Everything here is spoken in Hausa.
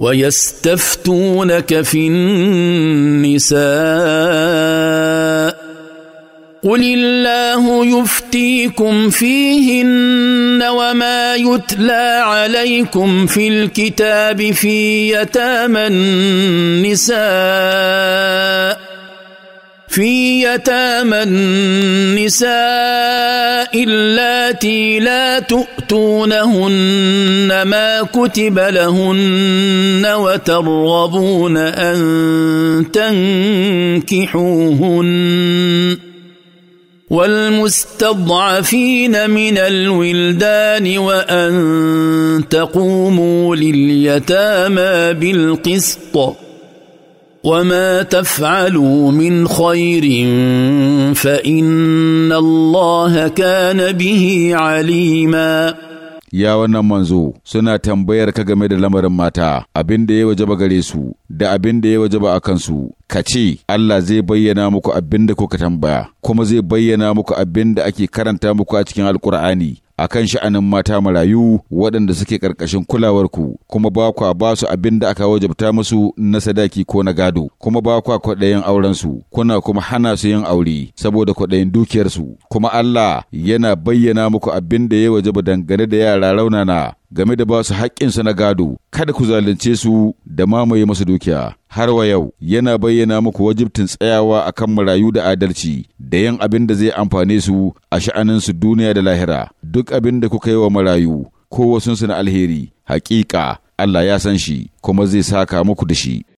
ويستفتونك في النساء قل الله يفتيكم فيهن وما يتلى عليكم في الكتاب في يتامى النساء في يتامى النساء اللاتي لا تؤتونهن ما كتب لهن وترغبون ان تنكحوهن والمستضعفين من الولدان وان تقوموا لليتامى بالقسط وما تفعلوا من خير فان الله كان به عليما ya wannan manzo suna tambayar ka game da lamarin mata abin da ya wajaba gare su da abin da ya wajaba a kansu ka ce Allah zai bayyana muku abin da kuka tambaya kuma zai bayyana muku abin da ake karanta muku a cikin alkur'ani a kan sha'anin mata marayu waɗanda suke ƙarƙashin kulawarku kuma ba kwa ba su abin da aka wajabta musu na sadaki ko na gado kuma ba kwa kwaɗayin aurensu kuna kuma hana su yin aure saboda kwaɗayin dukiyarsu kuma Allah yana bayyana muku abin da ya wajaba dangane da yara raunana game da ba su haƙƙinsu na gado, kada ku zalunce su da mamaye masu dukiya. Har wa yau, yana bayyana muku wajibtin tsayawa a kan marayu da adalci, da yin abin da zai amfane su a sha'aninsu duniya da lahira. duk abin da kuka yi wa marayu ko wasunsu na alheri, hakika Allah ya san shi kuma zai saka muku da shi.